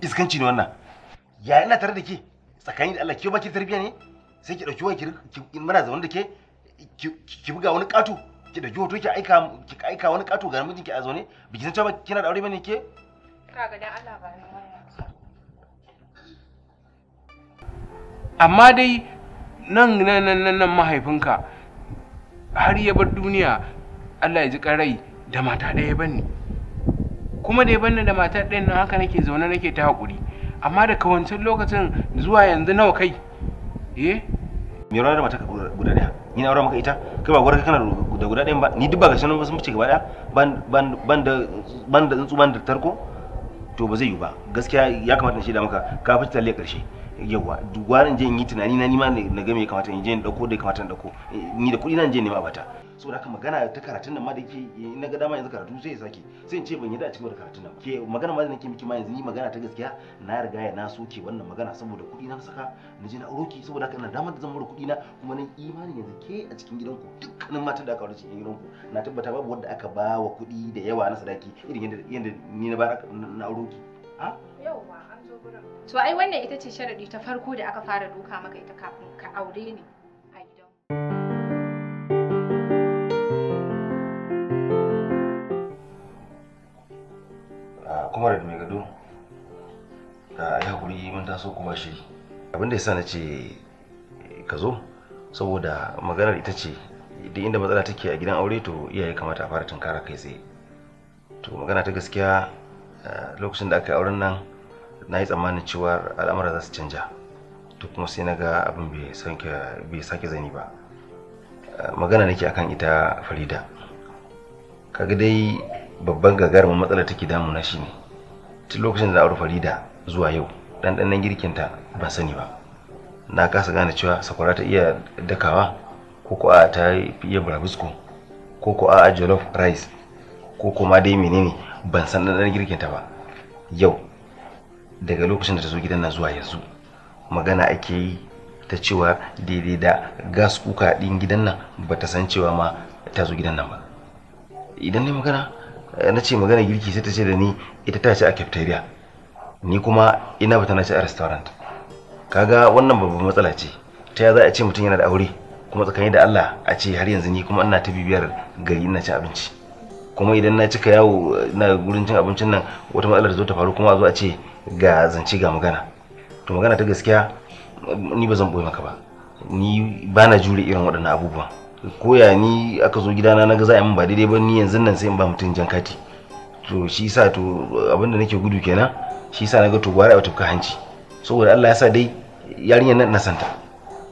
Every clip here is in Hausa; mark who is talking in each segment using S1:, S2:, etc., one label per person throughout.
S1: iskanci ne wannan ya ina tare da ke tsakanin da Allah ke ba ki tarbiya ne sai ki dauki wani ki muna zaune da ke ki buga wani katu ki dauki hoto ki aika ki aika wani katu ga ki a zaune biki san cewa kina da aure bane ke
S2: ga dan Allah ba
S3: amma dai nan nan nan nan mahaifinka har ya bar duniya Allah ya ji karai da mata ɗaya bane kuma da ya banni da matar ɗin nan haka nake zaune nake ta haƙuri amma daga wancan lokacin zuwa yanzu nawa kai eh
S1: me rawa da matar guda ɗaya ni na aura maka ita kai ba gwarka kana da guda ɗaya ba ni duk ba ga sanin sun fice gaba ɗaya ban da ban da tsuntsu ban da tarko to ba zai yi ba gaskiya ya kamata na shaida maka ka fita talle ƙarshe yawa duwarin je in yi tunani na nima na game ya kamata in je in dauko da kamata in dauko eh, ni da kuɗi na je nema bata saboda haka magana ta karatun nan ma da ke eh, na ga dama yanzu karatu sai ya sake sai in ce ban yi da a cikin karatun nan ke magana ma da nake miki ma yanzu ni magana ta gaskiya na riga ya na soke wannan magana saboda kuɗi na saka na je na auro ki saboda haka na damar da zan mura kuɗi na kuma nan imanin yanzu ke a cikin gidanku dukkanin matan da aka aure cikin gidanku na tabbata babu wanda aka ba wa kuɗi da yawa na sadaki irin yadda ni na ba na auro ki
S2: ha yawa to ai wannan ita ce sharadi ta farko da aka fara doka maka ita kafin ka aure ni
S1: a kuma da mai gado da ai hakuri mun taso kuma shi abin da yasa na ce eh, ka zo saboda maganar ita ce duk inda matsala take a gidan aure to iyaye kamata a fara tunkara kai tsaye to magana ta gaskiya eh, lokacin da aka yi auren nan na yi tsammanin cewa al'amura za su canja to kuma sai na ga abin bai sake zani ba magana nake akan ita farida kaga dai babban gagarumin matsalar take na shine tun lokacin da aure farida zuwa yau ɗanɗanon girkinta ban sani ba na kasa gane cewa sakwara ta iya dakawa ko ko a ta iya burabusko ko ko a jollof rice ko kuma dai menene ban san ɗanɗanon girkinta ba yau daga lokacin da ta zo gidan nan zuwa yanzu magana ake yi ta cewa daidai da gas kuka din gidan nan ba ta san cewa ma ta zo gidan nan ba idan ne magana eh, na ce magana girki sai ta ce da ni ita ta ce a cafeteria ni kuma ina ba ta na ci a restaurant kaga wannan babban matsala ce ta ya za a ce mutum yana da aure kuma tsakani da Allah a ce har yanzu ni kuma ina ta bibiyar gari ina ci abinci kuma idan na cika yawo ina eh, gurin cin abincin nan wata matsalar zo ta faru kuma a zo a ce ga zance ga magana to magana ta gaskiya ni ba zan boye maka ba ni ba na jure irin waɗannan abubuwa ko ya ni aka zo gidana na za a min ba daidai ba ni yanzu nan sai in ba mutum jan kati to shi sa to abinda nake gudu kenan shi sa na ga to gwara wata hanci saboda Allah ya sa dai yarinyar nan na santa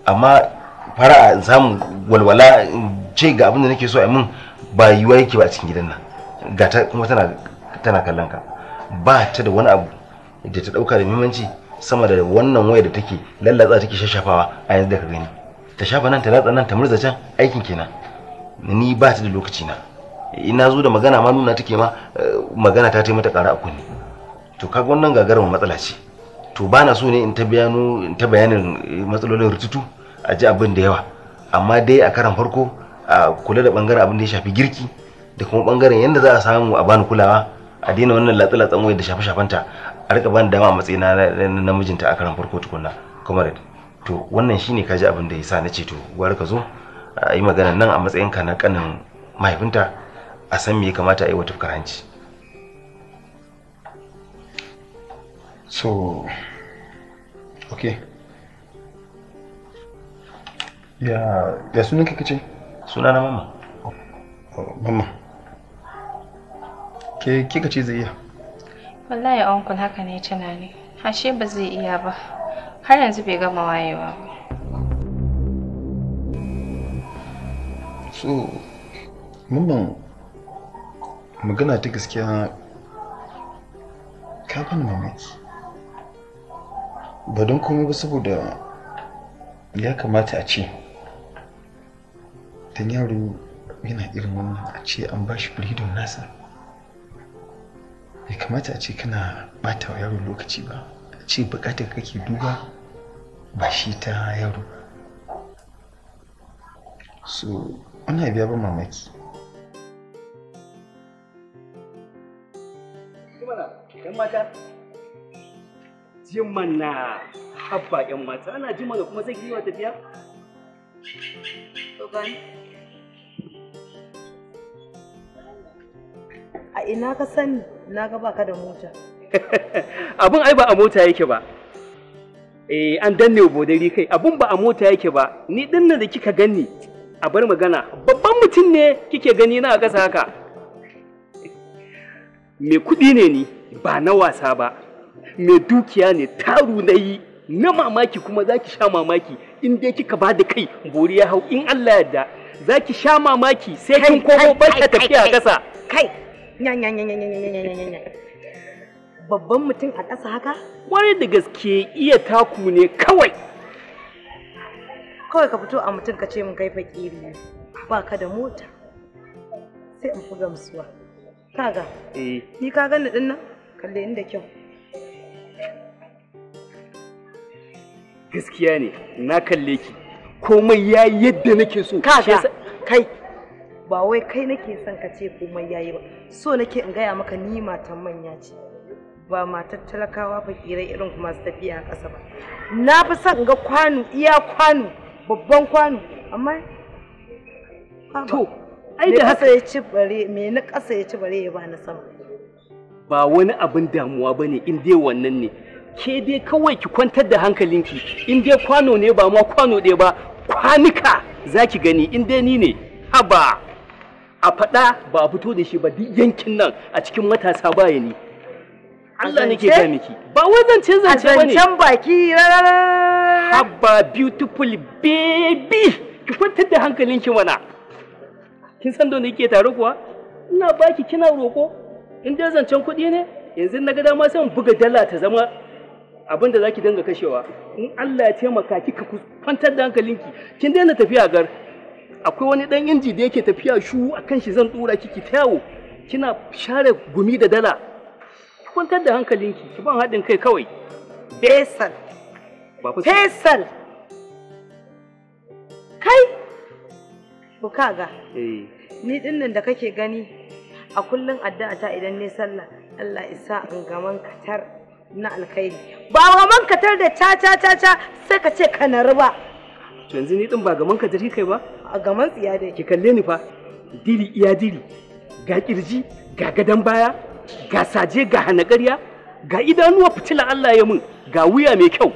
S1: amma fara in samu walwala ce ga abinda nake so a min ba yiwa yake ba a cikin gidan nan ga ta kuma tana tana kallon ka ba ta da wani abu da ta dauka da muhimmanci sama da wannan waya da take lallatsa take shashafawa a yanzu da ka gani ta shafa nan ta latsa nan ta murza can aikin kenan ni ba ta da lokaci na na zo da magana ma nuna take ma eh, magana ta taimata ƙara a kunne to kaga wannan gagarumar matsala ce to ba na so ne in ta bayano in ta bayanin eh, matsalolin rututu a ji abin da yawa amma dai a karan farko a kula da bangaren abin da ya shafi girki da kuma bangaren yadda za a samu a bani kulawa a daina wannan latsa-latsan wayar da shafe shafanta a rika bani dama a na namijinta a karan farko tukunna comrade to wannan shine kaji abin da yasa na ce to gwar ka zo a yi magana nan a matsayin ka na kanin mahaifinta a san me kamata a yi wata karanci so
S4: okay ya ya sunan kake ce suna na mama oh, mama ke kika ce zai iya
S2: wallahi uncle haka ne tunani ashe ba zai iya ba har yanzu bai gama wayewa ba
S4: so magana ta gaskiya ka bani mamaki ba don komai ba saboda ya kamata a ce don yaro yana irin wannan a ce an ba shi freedom nasa ya kamata a ce kana bata wa yaro lokaci ba a ce bukatar kake duba ba shi ta yaro ba so ana biya ba mamaki
S3: jin jiman na yan mata ana jima da kuma zai yi wa tafiya
S2: a ina ka sani na ga baka da mota
S3: abin ai ba a mota yake ba eh an danne bodari kai abin ba a mota yake ba ni dinnan da kika gani a bar magana babban mutum ne kike gani na a ƙasa haka mai kuɗi ne ni ba na wasa ba mai dukiya ne taru na yi na mamaki kuma za ki sha mamaki in dai kika ba da kai bori ya hau in Allah yadda za ki sha mamaki sai kin komo barka tafiya ƙasa kai
S2: babban mutum a ƙasa haka? Wani da gaske iya taku ne kawai. Kawai ka fito a mutum ka ce mun kai fakiri ne, ba ka da mota. Sai in fi gamsuwa. Kaga? Eh. Ni ka gani ɗin nan? Kalle inda kyau.
S3: Gaskiya ne, na kalle ki. Komai ya yadda nake so. Kaga,
S2: kai, ba wai kai nake son ka ce komai yayi ba so nake in gaya maka ni matan manya ce ba matar talakawa fakirai irin kuma su tafiya a ƙasa ba na fi son in ga kwano iya kwano babban kwano amma to ai da haka ya ci bare me na ƙasa ya ci bare ya ba na sama
S3: ba wani abin damuwa bane in dai wannan ne ke dai kawai ki kwantar da hankalinki in dai kwano ne ba ma kwano ɗaya ba kwanika za ki gani in dai ni ne haba a faɗa ba a fito da shi ba duk yankin nan a cikin matasa baya ne Allah nake ga miki ba wai zance zance bane a zancen baki habba beautiful baby ki kwantar da hankalinki mana kin san da nake tare kuwa ina baki kina roko in dai zancen kuɗi ne yanzu na ga dama sai buga dala ta zama abin da zaki dinga kashewa in Allah ya taimaka kika kwantar da hankalinki kin daina tafiya gar akwai wani dan inji da yake tafiya shu a kan shi zan dura kiki ta yawo kina share gumi da dala ki kwantar da hankalinki ki ban haɗin kai kawai
S2: fesal fesal kai ku kaga eh. ni nan da kake gani a kullun addu'a ta idan ne sallah Allah isa in gaman katar na alkhairi ba gaman katar da ta ta ta sai ka ce ka ruba
S3: to yanzu ni din ba gaman katar kai ba a gaman tsiya da ki kalle ni fa diri iya diri ga kirji ga gadan baya ga saje ga hanakarya ga idanuwa fitila Allah ya mun ga wuya mai kyau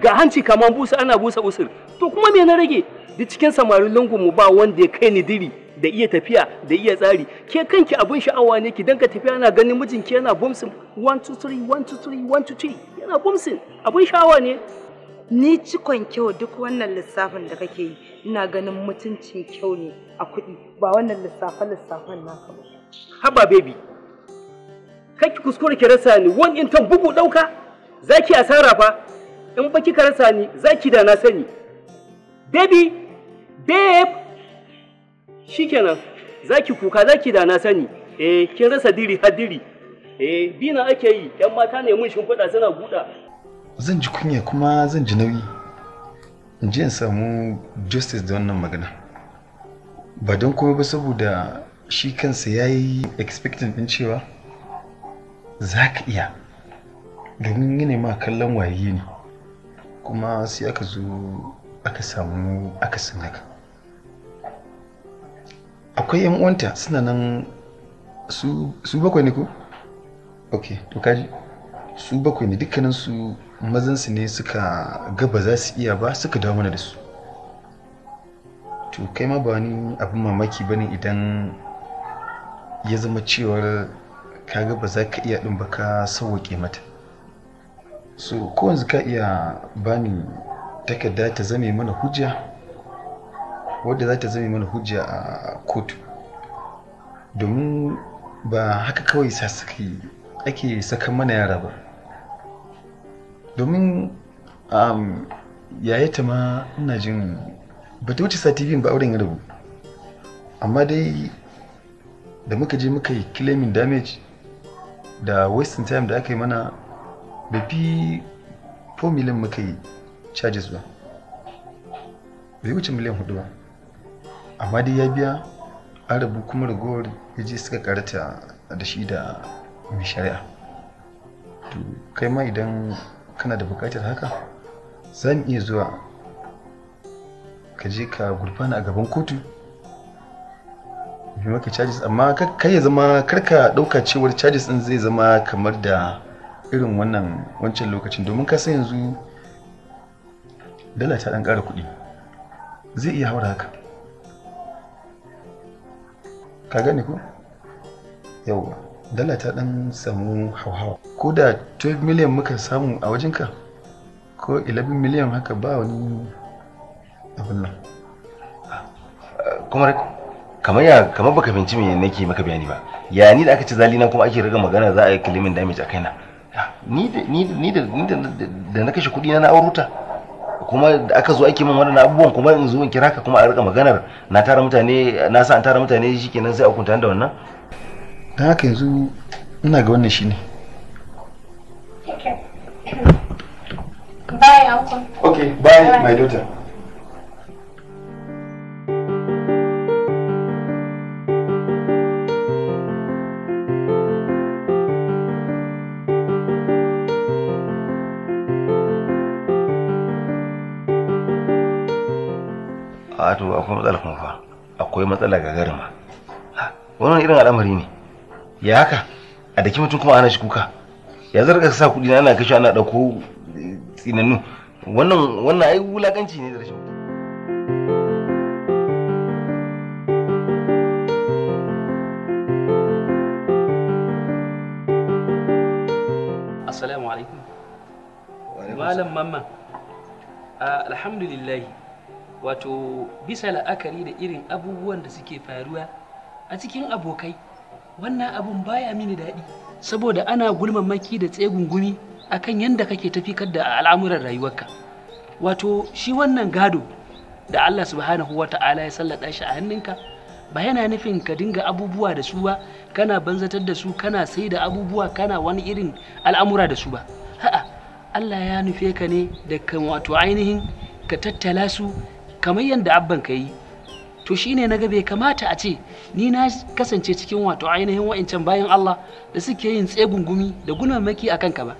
S3: ga hanci kaman busa ana busa usur to kuma me na rage duk cikin samarin lungun mu ba wanda ya kai ni diri da iya tafiya da iya tsari ke kanki abin sha'awa ne ki danka tafiya ana ganin mijinki yana bumsin 1 2 3 1 2 3 1 2 3 yana bumsin
S2: abin sha'awa ne ni cikon kyau duk wannan lissafin da kake yi ina ganin mutunci kyau ne a kuɗi ba wannan lissafe-lissafen naka ba.
S3: Haba baby, ki kuskure ki rasa ni wani in tan bugu ɗauka za ki asara fa in ba kika rasa ni za ki da na sani. Baby, babe, shikenan za ki kuka za ki da na sani. Eh, kin rasa diri har diri. Eh, bina ake yi, ‘yan mata ne mun shimfiɗa suna buɗa.
S4: Zan ji kunya kuma zan ji nauyi. je in samu justice da wannan magana ba don kuma ba saboda shi kansa ya yi expecting din cewa za ka iya domin yanayi ma kallon waye ne kuma sai aka zo aka samu aka haka akwai 'yan uwanta suna nan su bakwai ne ko? ok to kaji su bakwai ne dukkaninsu mazansu ne suka ga ba za su iya ba suka dawo mana da su to kai ma ba wani abin mamaki ba ne idan ya zama cewar ka ga ba za ka iya ɗin ba ka sauwaƙe mata so ko yanzu ka iya bani takarda ta zame mana hujja wadda za ta zame mana hujja a kotu domin ba haka kawai sa ake saka mana yara ba domin um, ta ma ina jin ba ta wuce sati biyun ba auren ya rabu amma dai da muka je muka yi claiming damage da wasting time da aka yi mana bai fi 4 million muka yi charges ba bai wuce miliyan hudu ba amma dai ya biya an rabu kuma ragowar ya je suka karata da shi da mai shari'a to kai ma idan kana da buƙatar haka za iya zuwa ka je ka gurfana a gaban kotu bi maka charges amma kai ya zama karka ɗauka cewar charges ɗin zai zama kamar da irin wannan wancan lokacin domin ka san yanzu dala ta ɗan ƙara kuɗi zai iya haura haka ka gane ko yawwa dala ta dan samu hauhawa ko da 12 miliyan muka samu a wajenka ko 11 miliyan haka ba wani abin nan
S1: kuma kamar ya kamar baka fahimci me nake maka bayani ba ya ni da aka ci zalina kuma ake riga magana za a yi kilimin damage a kaina ni da ni da ni da na kashe kudi na na auruta kuma da aka zo ake min wannan abubuwan kuma in zo in kira ka kuma a riga maganar na tara mutane na sa an tara mutane shikenan sai a kunta da wannan
S4: don haka yanzu ina ga wannan shine
S2: Bye, uncle.
S5: Okay, bye, bye. my daughter.
S1: wato akwai matsala kuma fa akwai matsala gagarima wannan irin al'amari ne ya haka a daki mutum kuma ana shi kuka ya zarga sa kuɗi na ana kashe ana dauko tsinannu wannan wannan ai wulakanci ne da rashin
S5: Assalamu alaikum. Malam mamma. Alhamdulillah. Wato bisa la'akari da irin abubuwan da suke faruwa a cikin abokai wannan abun baya mini daɗi saboda ana gulmamaki da tsegungumi akan yadda kake tafikar da al'amuran rayuwarka wato shi wannan gado da Allah subhanahu wa ta'ala ya sallada shi a hannunka ba yana nufin ka dinga abubuwa da su ba kana banzatar da su kana sai da abubuwa kana wani irin al'amura da su ba ha'a Allah ya nufe ka ne da wato ainihin ka tattala su kamar yadda abban ka yi to shine naga bai kamata a ce ni na kasance cikin wato ainihin wa'incan bayan Allah da suke yin tsegungumi da maki a ka ba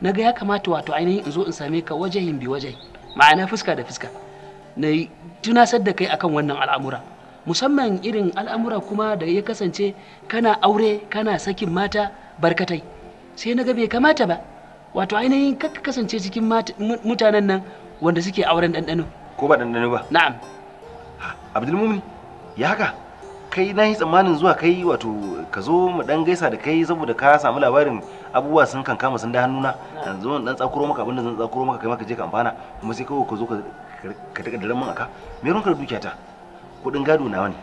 S5: naga ya kamata wato ainihin in zo in same ka wajahin bi wajahi ma'ana fuska da fuska na tunasar da kai akan wannan al'amura musamman irin al'amura kuma da ya kasance kana aure kana sakin mata barkatai sai naga bai kamata ba wato ainihin ka kasance cikin mutanen nan wanda suke auren ɗanɗano ko ba ɗanɗano ba na'am
S1: abdulmumin ya haka kai na yi tsammanin zuwa kai wato ka zo mu dan gaisa da kai saboda ka samu labarin abubuwa sun kan kama sun da hannuna yanzu dan tsakuro maka abinda zan tsakuro maka kai maka je ka amfana kuma sai kawai ka zo ka taka daren mun aka me ka da dukiyata kudin gado nawa ne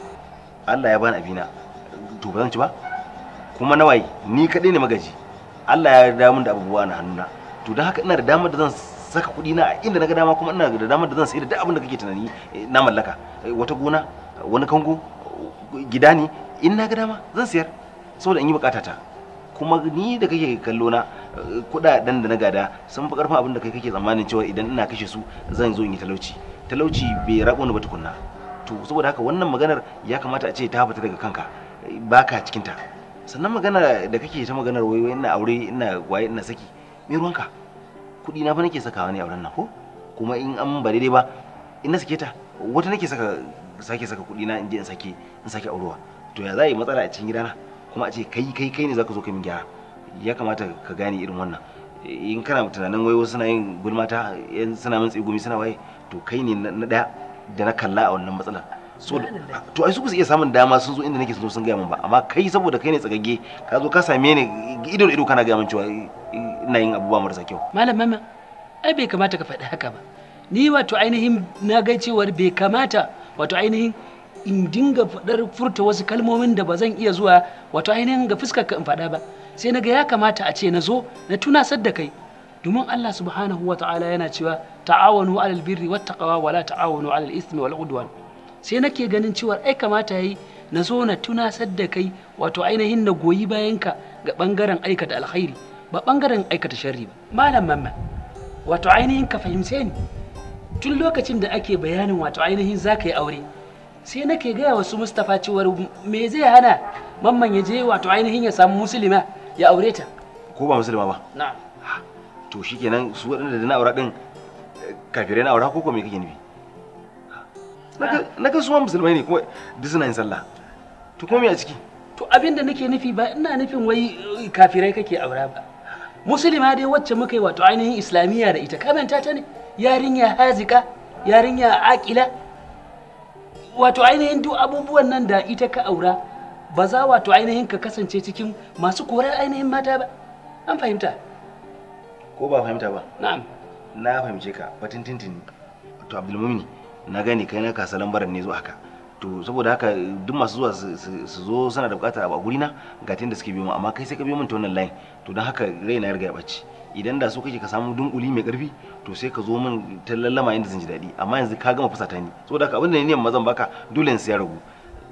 S1: Allah ya bani abina to ba zan ci ba kuma nawaye ni kadai ne magaji Allah ya yarda mun da abubuwa na hannuna to don haka ina da damar da zan saka kuɗi na inda na ga dama kuma ina da damar da zan sayi da duk abin da kake tunani eh, na mallaka eh, wata gona wani kango gida ne in na ga dama zan sayar saboda in yi bukata ta kuma ni da kake kallo na eh, kuɗaɗen da na gada sun fi karfin abin da kai kake tsammanin cewa idan ina kashe su zan zo in yi talauci talauci bai rabo ni ba tukunna to saboda haka wannan maganar ya kamata a ce ta fita daga kanka baka cikinta sannan magana da kake ta maganar wai ina aure ina waye ina saki me ruwanka kuɗi na fa nake sakawa ne a wurin nan ko kuma in an ba daidai ba in na sake ta wata nake saka sake saka kuɗi na in je in sake in sake aurewa to ya za yi matsala a cikin gidana kuma a ce kai kai kai ne zaka zo ka min gyara ya kamata ka gane irin wannan in kana tunanin wai wasu suna yin gulmata yan suna min tsigumi suna waye to kai ne na daya da na kalla a wannan matsalar so to ai su ku iya samun dama sun zo inda nake sun sun gaya min ba amma kai saboda kai ne tsagagge ka zo ka same ni ido da ido kana gaya min cewa ina yin abubuwa marasa kyau
S5: malam mama ai bai kamata ka faɗi haka ba ni wato ainihin na ga cewar bai kamata wato ainihin in dinga faɗar furta wasu kalmomin da ba zan iya zuwa wato ainihin ga fuskar ka in faɗa ba sai na ga ya kamata a ce na zo na tunasar da kai domin Allah subhanahu wa ta'ala yana cewa ta'awanu alal birri wat taqwa wala ta'awanu alal ismi wal udwan sai nake ganin cewa ai kamata yayi na zo na tunasar da kai wato ainihin na goyi bayanka ga bangaren aikata alkhairi ba bangaren aikata sharri ba malam mamma wato ainihin ka fahimce ni tun lokacin da ake bayanin wato ainihin za ka yi aure sai nake gaya wa su mustapha cewar me zai hana mamman ya je wato ainihin ya samu musulma ya aure ta ko ba musulma ba na'am
S1: to shikenan su waɗanda da na aura din kafirai na aura ko ko me kake nufi
S5: na ga su musulmai ne kuma duk suna yin sallah to kuma me a ciki to abinda nake nufi ba ina nufin wai kafirai kake aura ba musulma dai wacce muka yi wato ainihin islamiyya da ita kamanta ta ne yarinya hazika yarinya akila wato ainihin duk abubuwan nan da ita ka aura ba za wato ainihin ka kasance cikin masu korar ainihin mata ba an fahimta
S1: ko ba fahimta ba na'am na fahimce ka batun tintini to abdulmumin na gani kai na kasa lambaran ne zuwa haka to saboda haka duk masu zuwa su zo suna da bukata a gurina ga ga da suke biyo mu amma kai sai ka biyo mun ta wannan line to don haka rai na riga ya bace idan da so kake ka samu dunkuli mai karfi to sai ka zo min ta lallama inda zan ji dadi amma yanzu ka gama fusata ni saboda haka abin da ni ma zan baka dole in ya ragu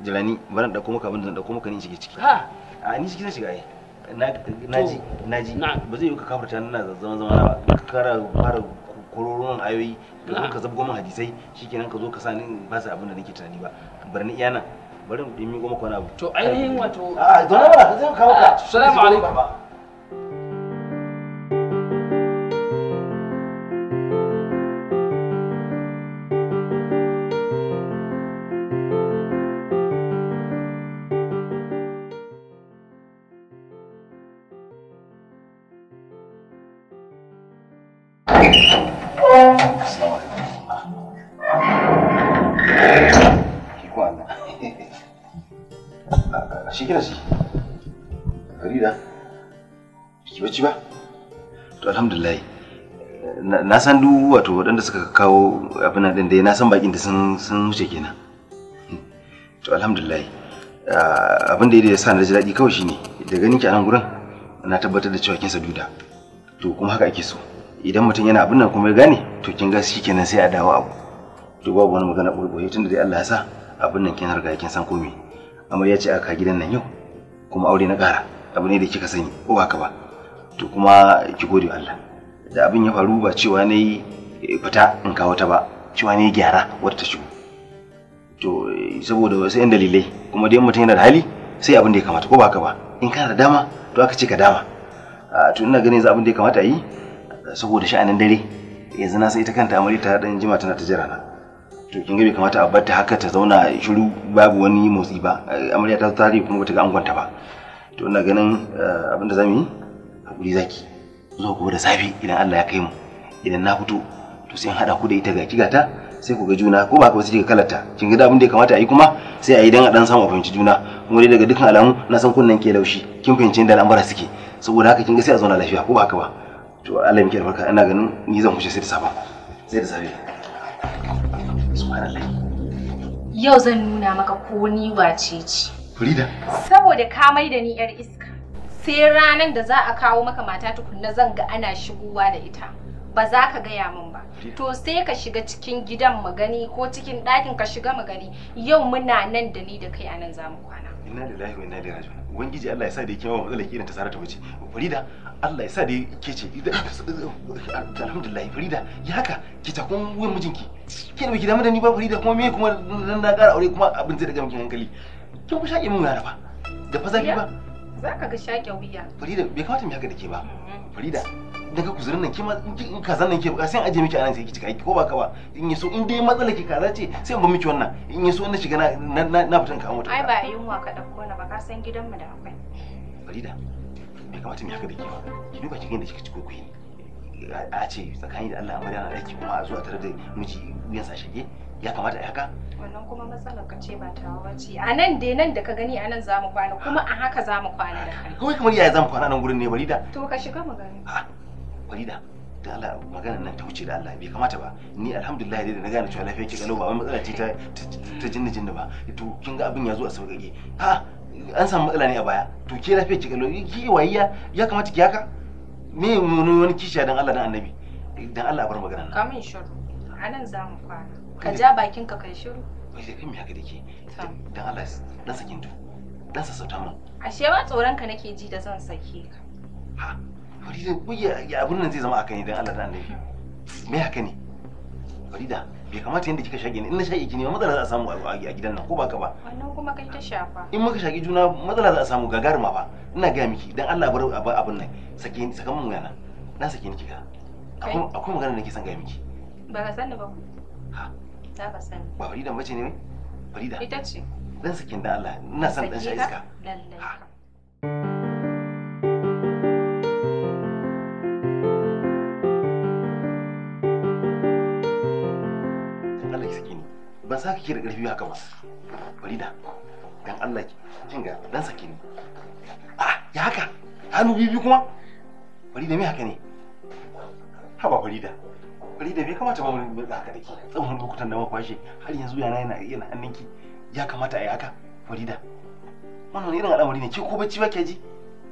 S1: jirani bari na dauko maka abin da na dauko maka ni shige ciki ha a ni shige zan shiga ai naji naji ba zai yi ka kafarta na zama zama na ba ka kara fara kororon ayoyi ka zabgo min hadisai shikenan ka zo ka sa ni ba abin da nake tunani ba barni iyana bari mu dimi goma kwana to ainihin wato
S5: a don na ba zai kawo ka assalamu
S1: alaikum na san duk wato waɗanda suka kawo abin din da na san bakin da sun sun wuce kenan to alhamdulillah abin da ya sa na ji daɗi kawai shine da ganin ki a nan gurin na tabbatar da cewa kin duda to kuma haka ake so idan mutum yana abin nan kuma ya gane to kin ga shi kenan sai a dawo abu to babu wani magana boye tunda dai Allah ya sa abin nan kin harga kin san komai amma ya ce aka gidan nan yau kuma aure na ƙara abu ne da kika sani ko ba ka ba to kuma ki gode Allah da abin ya faru ba cewa na yi eh, fita in kawo ta ba cewa ne gyara wata ta shigo to eh, saboda wasu yan dalilai kuma dai mutum yana da hali sai abin da ya kamata ko ba ka ba in kana da dama to aka ce ka dama to ina ganin za abin da ya kamata a yi saboda sha'anin dare yanzu na sai ita kanta amari ta dan jima tana ta jira na to kin ga bai kamata a bar ta haka ta zauna shiru babu wani motsi ba eh, amarya ta tare kuma bata ga an ba to ina ganin abin da zamu yi hakuri zaki zo ku da safe idan Allah ya kai mu idan na fito to sai in hada ku da ita gaki gata sai ku ga juna ko ba ka wasu jiga kalarta kin ga abin da ya kamata a yi kuma sai a yi dan a dan samu a fahimci juna kuma dai daga dukkan alamu na san kunnan ke laushi kin fahimci inda al'amura suke saboda haka kin ga sai a zauna lafiya ko ba haka ba to Allah miki albarka ina ganin ni zan kushe sai da safa sai da safe subhanallah
S2: yau zan nuna maka ko ni wace ce Frida saboda ka mai da ni yar iska sai ranar da za a kawo maka mata tukunna zan ga ana shigowa da ita ba za ka gaya min ba to sai ka shiga cikin gidan magani ko cikin ɗakin ka shiga magani yau muna nan da ni da kai a nan za mu kwana
S1: inna lillahi wa inna ilaihi raji'un ubangiji Allah ya sa da yake ma matsalar kiran ta sarata bace farida Allah ya sa da yake ce alhamdulillah farida ya haka ki ta kun wurin mijinki ke da baki damu da ni ba farida kuma me kuma na ƙara aure kuma abin zai daga mikin hankali kin ku shaƙe min yara da fa zafi ba
S2: Za ka ga shaƙe wuya.
S1: Farida bai kamata mu haka da ke ba. Farida daga kuzurin nan in nan ke buƙa sai aje miki anan sai ko ba ka ba in yaso in dai ki kaza ce sai miki wannan in yaso na shiga na na fitan ka mota. Ai
S2: ba yunwa ka dauko na ba ka san gidanmu da akwai.
S1: Farida bai kamata mu haka da ke ba. Ki duba da kika ci kokoi A ce tsakani da Allah amarya na kuma a zuwa tare da miji wuyan sa shige. ya kamata a haka
S2: wannan kuma matsalar ka ce ba
S1: ta wace a
S2: nan dai nan da ka gani a nan za mu kwana kuma a haka za mu kwana da
S1: kai kawai kamar yaya za mu kwana nan gurin ne Walida?
S2: to ka shiga magana
S1: Walida, da Allah maganar nan ta wuce da Allah bai kamata ba ni alhamdulillah dai da na gane cewa lafiya ke kalau ba wai matsala ce ta ta jinna jinna ba to kin ga abin ya zo a sauƙaƙe ha an samu matsala ne a baya to ke lafiya ke kalau ki wayya ya kamata ki haka me wani kishiya dan Allah dan annabi dan Allah bar maganar nan
S2: kamin shiru anan za mu kwana Ka ja bakin ka kai shiru.
S1: Mai laifin haka dake? Dan Allah dan sakin Dan sassauta mu.
S2: Ashe ba tsoron ka nake ji da zan sake ka.
S1: Ha. Farida ko ya abun nan zai zama akan ni Allah dan Annabi. Me haka ne? Farida bai kamata yadda kika shage ni in na shage ki ne matsala za a samu a gidan nan ko ba ka ba
S2: wannan kuma kai ta shafa in
S1: muka shage juna matsala za a samu gagaruma ba ina ga miki dan Allah bar nan sake ni saka mun yana na sake ni kika akwai magana da nake son ga miki
S2: ba ka san da ba ha Za ka sani.
S1: Ba Farida bace ne? Farida. Ita ce. Dan sakin da Allah ina son dan sha iska. Lallai. ban sa kike da ƙarfi haka ba farida dan Allah ki kin ga dan ni ah, ya haka hannu kuma farida me haka ne haba farida hakuri da bai kamata ba mu da haka dake tsawon lokutan da kwashe har yanzu yana yana yana hannunki ya kamata ayi yi haka farida wannan irin al'amari ne ke ko bacci ba ke ji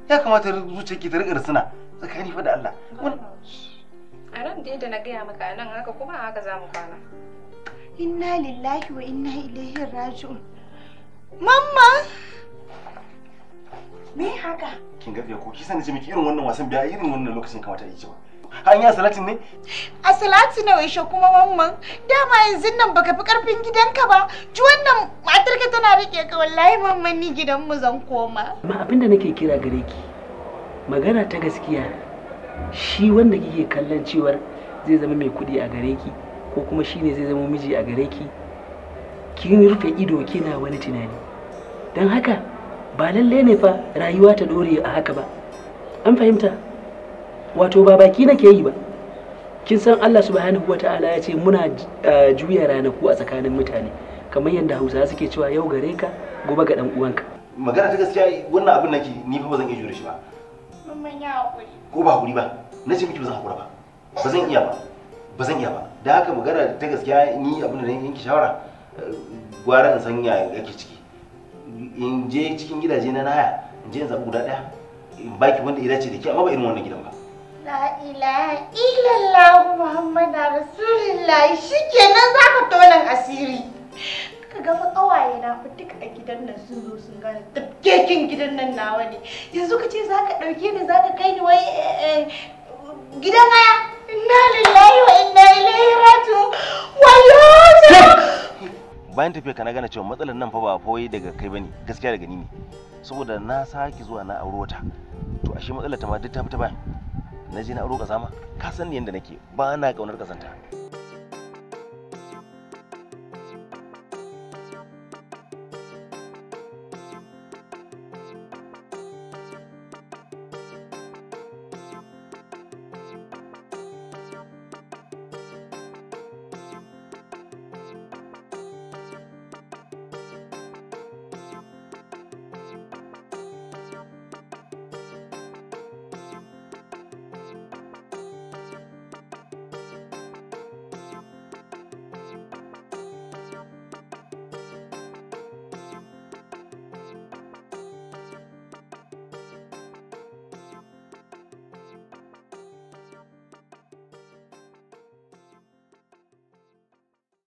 S1: ya kamata zuciyarki ta riƙa suna tsakani fa da Allah
S2: a ran da na gaya maka nan haka kuma haka za mu kwana inna lillahi wa inna ilaihi raji'un mamma me haka
S1: kin gabe ko kisa ne ji miki irin wannan wasan biya irin wannan lokacin kamata yi ci ba an yi ne? ne?
S2: salati na waishe kuma mamman dama yanzu nan baka fi karfin gidanka ba ji wannan matar ka tana rike ka wallahi mamman ni gidan mu zan koma.
S5: Ma abinda nake kira gare ki magana ta gaskiya shi wanda kike kallon cewar zai zama mai kuɗi a gare ki ko kuma shine zai zama miji a gare ki kin rufe ido kina wani tunani don haka ba lallai ne fa rayuwa ta dore a haka ba an fahimta wato ba baki ke yi ba kin san Allah subhanahu ta'ala ya ce muna eh, juya ranaku a tsakanin mutane kamar yadda Hausa suke cewa yau gare ka gobe ga dan uwanka
S1: magana ta gaskiya wannan abin nake ni fa ba zan iya jure shi ba
S2: mun ya hakuri
S1: ko ba hakuri ba na ce miki bazan hakura ba ba zan iya ba ba zan iya ba da haka magana ta gaskiya ni abin da yanke shawara eh, gwara in san ya yake ciki in je cikin gidaje na naya in je in zaɓi guda daya in baki wanda ya dace da ke amma ba irin wannan gidan ba
S2: La ilaha illallah Muhammad Rasulullah shi kenan za ka tonan asiri. Ka gama ƙawaye na duka a gidan nan sun zo sun gane tafkekin gidan nan nawa ne. Yanzu ka ce za ka ɗauke ni za ka kai ni wai eh, eh, gidan haya. Inna lillahi wa inna ilaihi raji'un. Wayo!
S1: Bayan tafiya ka na gane cewa matsalar nan fa ba foyi daga kai bane gaskiya daga ni ne. Saboda na sake zuwa na auri wata. To ashe matsalar ta ma duk ta fita bayan. na je na aro kazama ka san ni yanda nake ba na kaunar kazanta